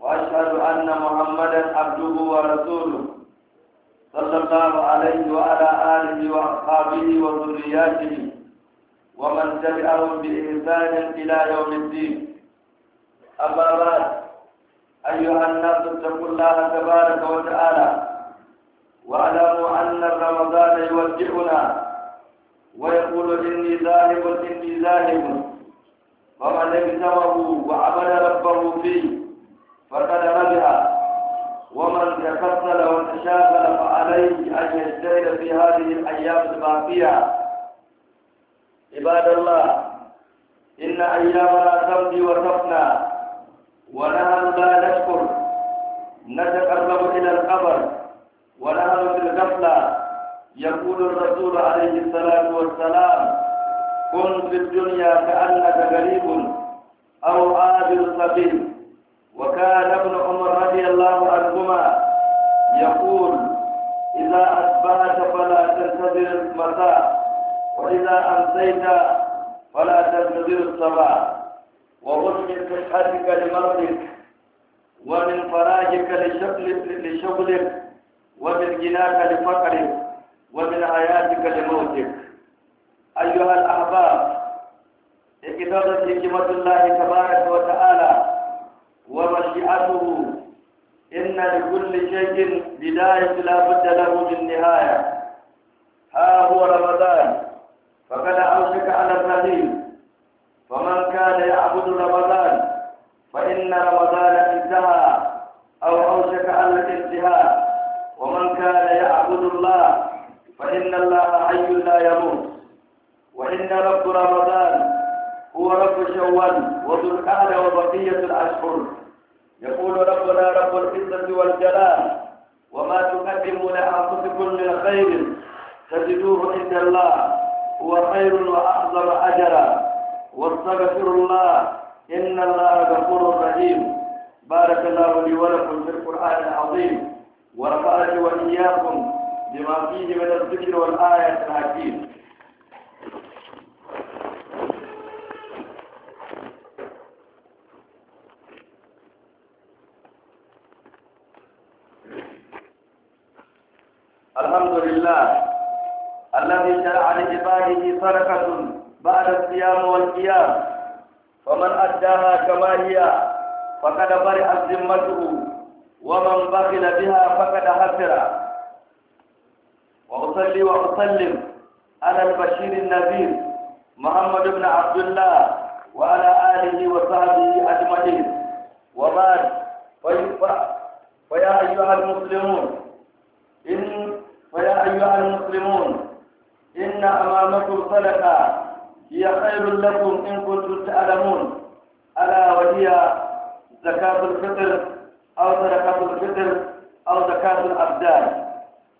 وأشهد أن محمدا عبده ورسوله صلى الله عليه وعلى آله وأصحابه وذرياته ومن تبعهم بإحسان إلى يوم الدين أما بعد أيها الناس اتقوا الله تبارك وتعالى واعلموا أن رمضان يودعنا ويقول إني ذاهب إني ذاهب ومن اكتمه وعمل ربه فيه فقد رجع ومن تكفل وتشاغل فعليه أن يجتهد في هذه الأيام الباقية عباد الله إن أيامنا تمضي وتفنى ونحن لا نشكر نتقرب إلى القبر ونحن في الغفلة يقول الرسول عليه الصلاة والسلام كن في الدنيا كأنك غريب أو عابر سبيل وكان ابن عمر رضي الله عنهما يقول إذا أصبحت فلا تنتظر المساء وإذا أمسيت فلا تنتظر الصباح وخذ من صحتك لمرضك ومن فراجك لشغلك ومن جناك لفقرك ومن حياتك لموتك أيها الأحباب اقتضت حكمة الله تبارك وتعالى ومشيئته إن لكل شيء بداية لا بد له من نهاية ها هو رمضان فقد أوشك على الرحيم فمن كان يعبد رمضان فإن رمضان انتهى أو أوشك على الانتهاء ومن كان يعبد الله فإن الله حي لا يموت وإن رب رمضان هو رب شوال وذو القعدة وبقية الأشهر يقول ربنا رب العزة والجلال وما تقدموا لأنفسكم من خير تجدوه عند الله هو خير وأعظم أجرا واستغفر الله إن الله غفور رحيم بارك الله لي ولكم في القرآن العظيم ورفعني وإياكم بما فيه من الذكر والآية الحكيم صدقة بعد الصيام والقيام فمن أداها كما هي فقد برئت ذمته ومن بخل بها فقد خسر وأصلي وأسلم على البشير النذير محمد بن عبد الله وعلى آله وصحبه أجمعين وبعد فيا أيها المسلمون إن فيا أيها المسلمون إن أمامكم صدقة هي خير لكم إن كنتم تعلمون ألا وهي زكاة الفطر أو صدقة الفطر أو زكاة الأبدان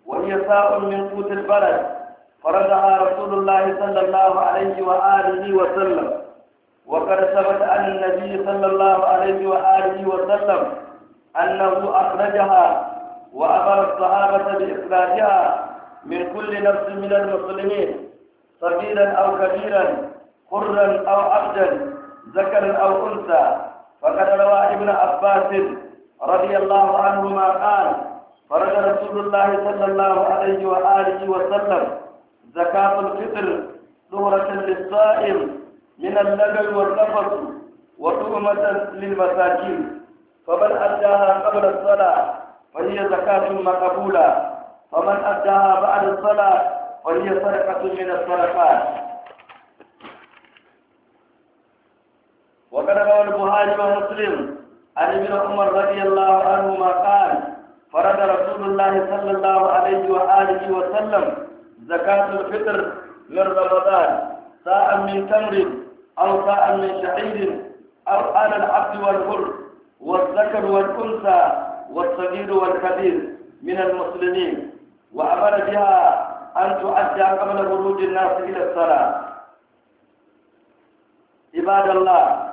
وهي ساء من قوت البلد فرضها رسول الله صلى الله عليه وآله وسلم وقد ثبت عن النبي صلى الله عليه وآله وسلم أنه أخرجها وأمر الصحابة بإخراجها من كل نفس من المسلمين صغيرا أو كبيرا حرا أو عبدا ذكرا أو أنثى فقد روى ابن عباس رضي الله عنهما قال فرد رسول الله صلى الله عليه وآله وسلم زكاة الفطر ظهرة للصائم من اللبن والنفس وطعمة للمساكين فمن أداها قبل الصلاة فهي زكاة مقبولة ومن أداها بعد الصلاة وهي صدقة من الصدقات وقد روى البخاري ومسلم عن ابن عمر رضي الله عنهما قال فرض رسول الله صلى الله عليه وآله وسلم زكاة الفطر من رمضان ساعة من تمر أو ساعة من شعير أو على العبد والحر والذكر والأنثى والصغير والكبير من المسلمين وأمر بها أن تؤدى قبل خروج الناس إلى الصلاة عباد الله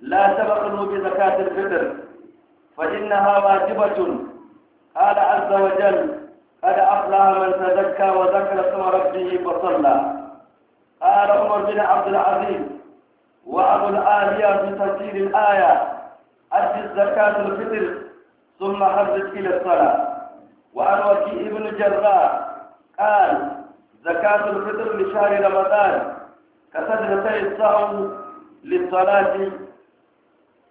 لا تبخلوا بزكاة الفطر فإنها واجبة قال عز وجل قد أفلح من تزكى وذكر اسم ربه فصلى قال عمر بن عبد العزيز وأبو الآلية في تفسير الآية أد الزكاة الفطر ثم حرص إلى الصلاة وعن وكيع بن جراح قال زكاة الفطر لشهر رمضان كسدرتي الصوم للصلاة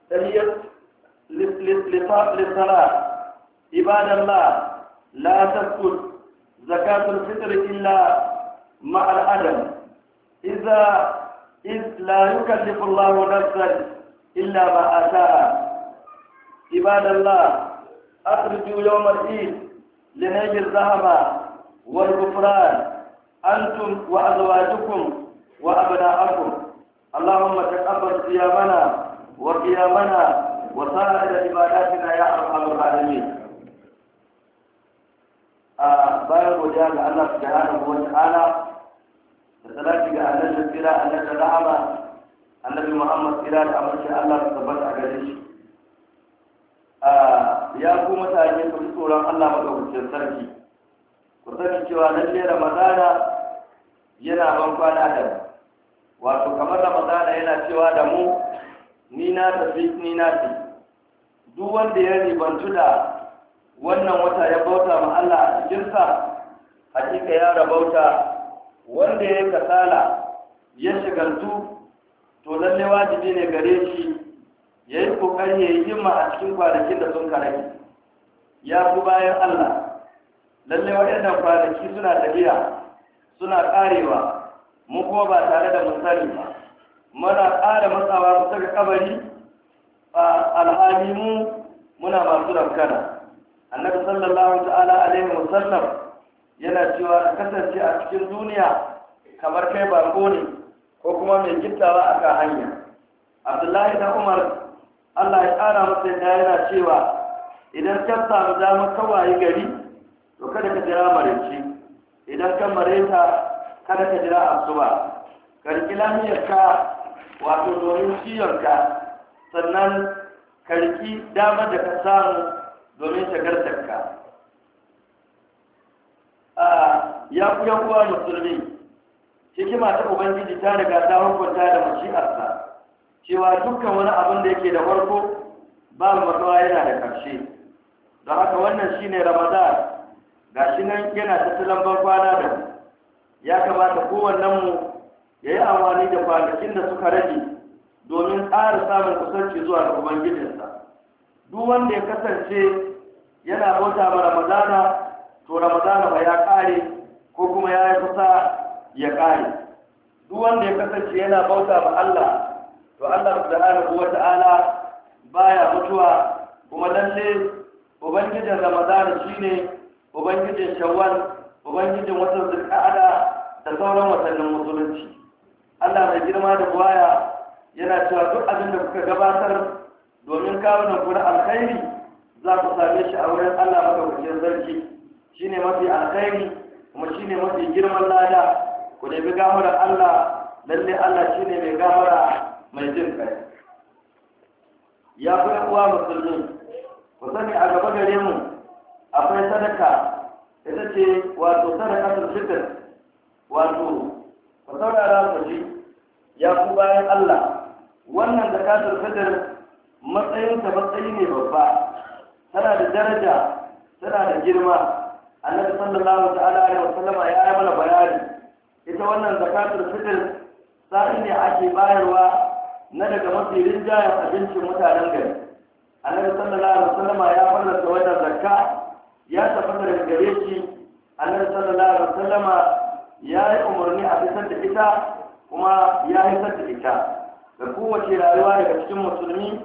تهية للصلاة عباد الله لا تسكت زكاة الفطر إلا مع الأدب إذا إذ لا يكلف الله نفسا إلا ما أتاها عباد الله أخرجوا يوم العيد لنيل الذهب والغفران أنتم وأزواجكم وأبناءكم اللهم تقبل صيامنا وقيامنا وسائر عباداتنا يا أرحم الراحمين bayan godiya ga Allah subhanahu wa ala, da salati ga annabi kira annabi rahama annabi Muhammad kira da amince Allah tabbata a gare shi ya ku mutane ku ji tsoron Allah madaukakin sarki ku sani cewa lalle ramadana yana ban kwana da mu wato kamar ramadana yana cewa da mu ni na tafi ni na duk wanda ya ribantu da wannan wata ya bauta ma Allah a cikinsa hakika ya rabauta wanda ya kasala ya shigantu to lallai wajibi ne gare shi ya yi kokari ya yi himma a cikin kwanakin da sun karaki ya fi bayan allah lallai waɗannan kwanaki suna tafiya suna ƙarewa mu kuma ba tare da musali ba muna ƙara matsawa kusa ga kabari a alhali mu muna masu rankana annabi sallallahu ta'ala alaihi wasallam yana cewa ka kasance a cikin duniya kamar kai bako ne ko kuma mai gittawa a kan hanya abdullahi da umar Allah ya ƙara masa yadda yana cewa idan ka samu damar kawai gari to kada ka jira maraice idan ka mareta kada ka jira asuba ka riƙi lamiyarka wato domin ciyarka sannan ka riƙi damar da ka samu domin shagartarka ya ku musulmi hikima ta ubangiji ta riga ta hukunta da mashi'arsa cewa dukkan wani abin da yake da farko ba matsawa yana da ƙarshe don haka wannan shine ramadan ga shi nan yana tattalin kwana da ya kamata kowannenmu ya yi amfani da kwanakin da suka rage domin tsara samun kusanci zuwa ga ubangijinsa duk wanda ya kasance yana bauta ma ramadana to ramadana ba ya ƙare ko kuma ya yi kusa ya ƙare duk wanda ya kasance yana bauta ma allah to Allah subhanahu wa ta'ala baya mutuwa kuma lalle ubangijin Ramadan shine ubangijin Shawwal ubangijin watan Zulqa'ada da sauran watannin musulunci Allah mai girma da buwaya yana cewa duk abin da kuka gabatar domin kawo na kura alkhairi za ku same shi a wurin Allah maka wajen sarki shine mafi alkhairi kuma shine mafi girman lada ku nemi gafarar Allah lalle Allah shine mai gamara. mai jin kai ya fi uwa musulmi ku sani a gaba gare mu akwai sadaka ita ce wato sadakatul fitr wato ku saurara ku ji ya ku bayan Allah wannan zakatul fitr matsayinta matsayi ne babba tana da daraja tana da girma annabi sallallahu ta'ala alaihi sallama ya yi mana bayani ita wannan zakatul fitr sa'i ne ake bayarwa na daga mafi rinjayen abincin mutanen gari annabi sallallahu alaihi salama ya fallasa wannan zakka ya tabbata daga gare shi annabi sallallahu alaihi ya yi umarni a bisa da ita kuma ya yi da ita da kowace rayuwa daga cikin musulmi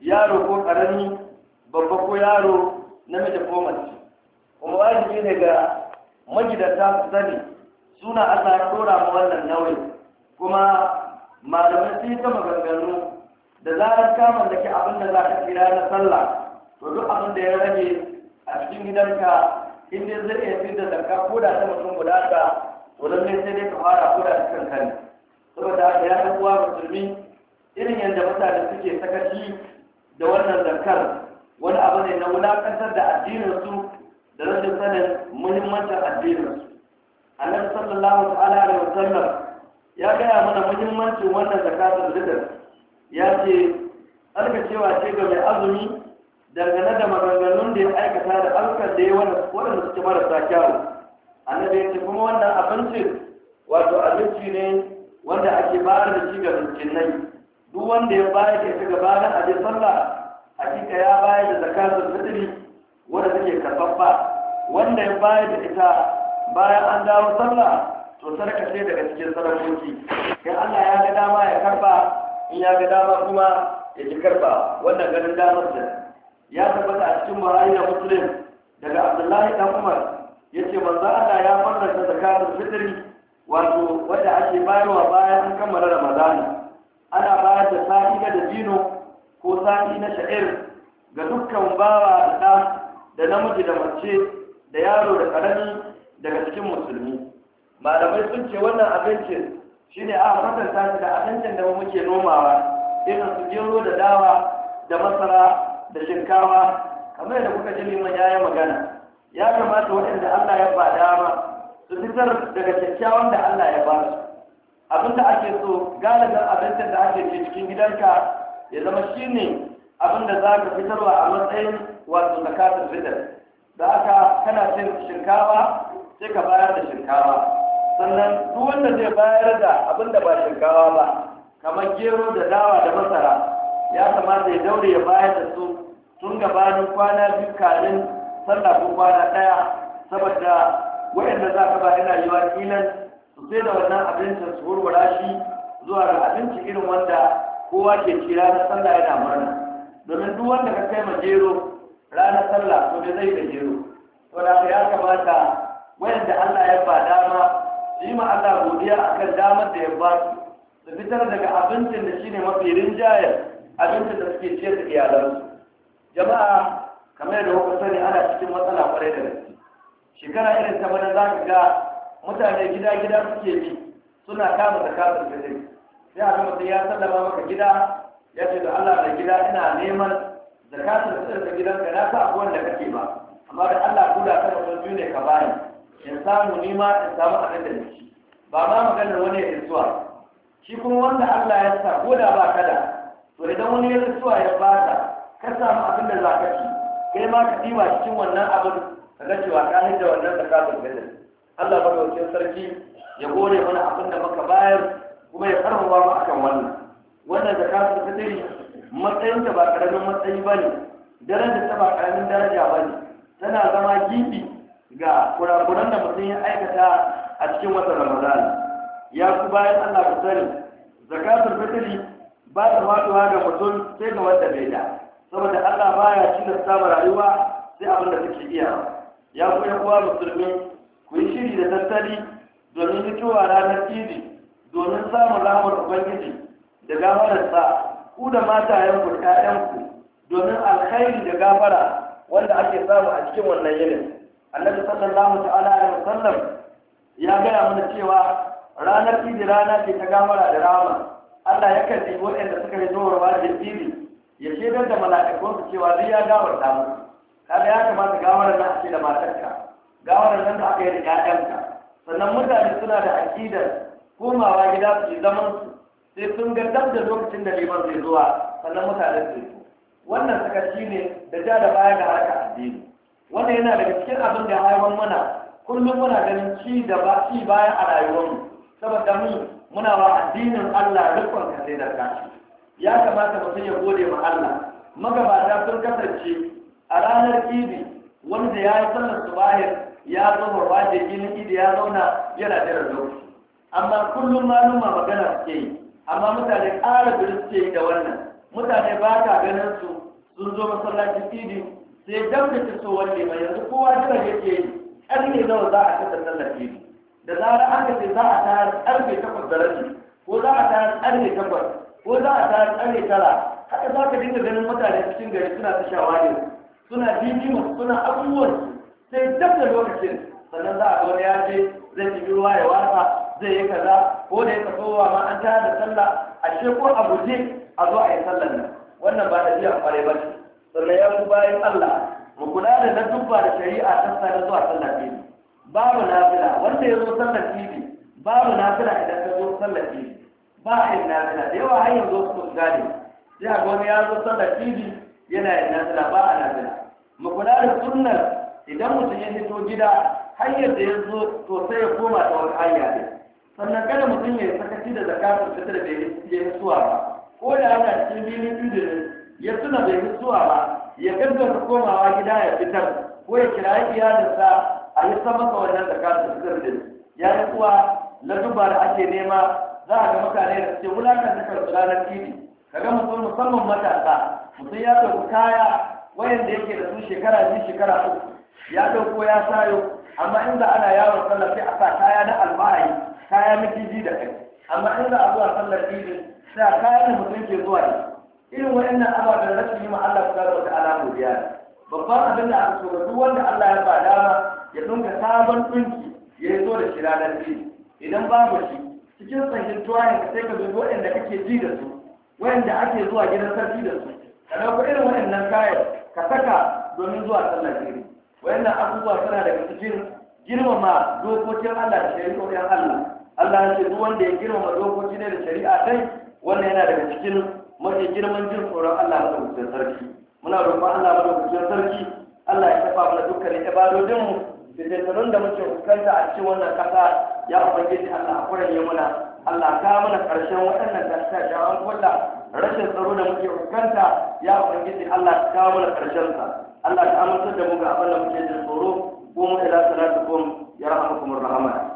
yaro ko karami babba ko yaro namiji ko mace kuma wajibi ne ga magidanta su sani suna Allah ya mu wannan nauyin kuma malamai sun yi ta maganganu da zarar da ke abin da za ka kira na sallah to duk abin da ya rage a cikin gidanka in dai zai iya fitar da ka ko da ta mutum guda ka to ne sai dai ka fara ko da ta kan saboda haka ya ɗan uwa musulmi irin yadda mutane suke sakaci da wannan zakar wani abu ne na wulakantar da addininsu da rashin sanin muhimmancin addininsu annabi sallallahu ta'ala da wasallam ya gaya mana muhimmancin wannan da fitr ya ce cewa ce ga mai azumi dangane da maganganun da ya aikata da alka da ya wadanda suke marasa kyawu annabi ya ce kuma wannan abincin wato abinci ne wanda ake bayar da shi ga duk wanda ya bayar da shi gabanin aje sallah hakika ya bayar da da fitri wanda take karfafa wanda ya bayar da ita bayan an dawo sallah to sarka sai daga cikin sarakoki in Allah ya ga dama ya karba in ya ga dama kuma ya ji karba wannan ganin damar da ya tabbata a cikin da muslim daga abdullahi dan umar ya ce manzo Allah ya da zakatul fitri wato wanda ake bayarwa bayan kammala ramadani ana bayar da sa'i da dino ko sa'i na sha'ir ga dukkan bawa da da namiji da mace da yaro da karami daga cikin musulmi malamai sun ce wannan abincin shine a ta shi da abincin da muke nomawa irin su gero da dawa da masara da shinkawa kamar da kuka ji liman ya magana ya kamata waɗanda Allah ya ba dama su fitar daga kyakkyawan da Allah ya ba su abin da ake so galibin abincin da ake ci cikin gidanka ya zama shine abin da za ka fitarwa a matsayin wato zakatun fitar da aka kana cin shinkawa sai ka bayar da shinkawa sannan duk wanda zai bayar da abin ba shinkawa ba kamar gero da dawa da masara ya kamata ya daure ya bayar da su tun gabanin kwana biyu kanin sallah ko kwana ɗaya saboda wayanda za ka ba ina yiwa kilan su sai da wannan abincin su wurwura shi zuwa ga abinci irin wanda kowa ke ci ranar sallah yana murna domin duk wanda ka kai ma gero ranar sallah to me zai da gero to da ya kamata wayanda Allah ya ba dama yi ma Allah godiya akan damar da ya ba su da fitar daga abincin da shine mafi rinjayar abincin da suke ciyar da iyalansu jama'a kamar yadda kuka sani ana cikin matsala kwarai da gaske shekara irin ta bana za ka ga mutane gida gida suke bi suna kama da kasar da sai a ya sallama maka gida ya ce da Allah da gida ina neman zakatar da gidanka na sa abuwan da kake ba amma da Allah kula ta da biyu ne ka bani in samu nima in samu a da nake ba ma maganar wani ya risuwa shi kuma wanda Allah ya sa ko da ba kada to idan wani ya risuwa ya bata ka samu abin da za ka ci kai ma ka diba cikin wannan abin ka ga cewa ka da wannan zakatun gadin Allah ba da sarki ya gode mana abin da muka bayar kuma ya ba mu akan wannan wannan zakatun gadin matsayin ta ba karamin matsayi bane da ta ba karamin daraja bane tana zama gibi ga kurakuran da mutum ya aikata a cikin watan ramadan ya ku bayan allah ku sani zakatul fitri ba ta faduwa ga mutum sai ga wanda bai da saboda allah baya da samun rayuwa sai abin da suke iya ya ku yan uwa musulmi ku yi shiri da tattali domin fitowa ranar idi domin samun ramar ubangiji da gafararsa ku da matayenku da 'ya'yanku domin alkhairi da gafara wanda ake samu a cikin wannan yinin annabi sallallahu ta'ala alaihi wasallam ya gaya mana cewa ranar idi rana ce ta gamara da rama Allah ya kalli waɗanda suka yi zuwa da idi ya shaidar da su cewa zai ya gawarta musu kaga ya kamata gawarar nan ake da matarka gawarar nan da aka yi da ƴaƴanka sannan mutane suna da aƙidar komawa gida su yi zaman su sai sun ga dab da lokacin da liman zai zuwa sannan mutane su yi wannan sakaci ne da ja da baya ga harka addini wannan yana daga cikin abin da haifar mana kullum muna ganin ci da ba ci baya a rayuwarmu saboda mu muna wa addinin Allah duk ka zai da ya kamata mutum ya gode ma Allah magabata sun kasance a ranar idi wanda ya yi sallar subahir ya zo waje ginin idi ya zauna yana da lokaci amma kullum maluma magana suke yi amma mutane ƙara bilis suke da wannan mutane ba ka ganin su sun zo masallacin idi sai dab da ta so wanne mai yanzu kowa jira yake yi ƙarfe nawa za a kasa tallafi ne da zarar an ce za a tayar ƙarfe takwas da rabi ko za a tayar ƙarfe takwas ko za a tayar ƙarfe tara haka za ka dinga ganin mutane cikin gari suna ta shawari suna bibiyu suna abubuwan sai dab da lokacin sannan za a zo ya ce zai tafi ruwa ya wasa zai yi kaza ko da ya wa ma an tayar da sallah ashe ko a guje a zo a yi sallar nan wannan ba da biyan kwarai ba ne sannan ya ku bayan Allah mu kula da na dubba da shari'a ta sa zuwa sallar fili babu nafila wanda ya zo sallar fili babu nafila idan ka zo sallar fili ba a yi nafila da yawa har zo su gane sai a gwani ya zo sallar fili yana yin nafila ba a nafila mu kula da sunnar idan mutum ya fito gida hanyar da ya zo to sai ya koma ta wani hanya ne sannan kada mutum ya sakaci da zakatun fitar da ya yi suwa ba ko da ana cikin biyu biyu da ya tuna bai mutuwa ba ya gaggata komawa gida ya fitar ko ya kira iyalinsa a yi sama ga wannan zakatun fitar din ya yi kuwa na duba da ake nema za a ga mutane da suke wulakan da karsu ranar titi kaga mutum musamman matasa mutum ya ɗauki kaya wayanda yake da su shekara biyu shekara uku ya ɗauko ya sayo amma inda ana yawon sallar sai a sa kaya na alfahari kaya na jiji da kai amma inda a zuwa sallar jiji sai a kaya da mutum ke zuwa ne irin waɗannan ababen rashin yi ma Allah subhanahu wata'ala godiya babban abin da aka so duk wanda Allah ya ba dama ya dunka sabon dinki ya yi so da shi ranar ji idan babu shi cikin sahihin tuwayen ka sai ka zo waɗanda kake ji da su waɗanda ake zuwa gidan sarki da su ka dauko irin waɗannan kayan ka saka domin zuwa sallar jiri nan abubuwa suna daga cikin girmama dokokin Allah da shari'o'in Allah Allah ya ce duk wanda ya girmama dokoki ne da shari'a kai, wannan yana daga cikin mace girman jin tsoron Allah na rubutun sarki muna roƙon Allah na rubutun sarki Allah ya tafa mana dukkanin ibadodinmu da tattalin da muke fuskanta a cikin wannan kasa ya ubangiji Allah a kuranye mana. Allah ka mana ƙarshen waɗannan da an kwata rashin tsaro da muke fuskanta ya ubangiji Allah ka mana ƙarshen sa Allah ka amince da mu ga abin da muke jin tsoro ko mu ila salatukum ya rahmakumur rahman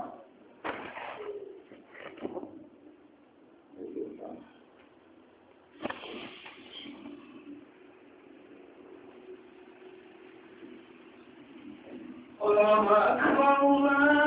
ومكر الله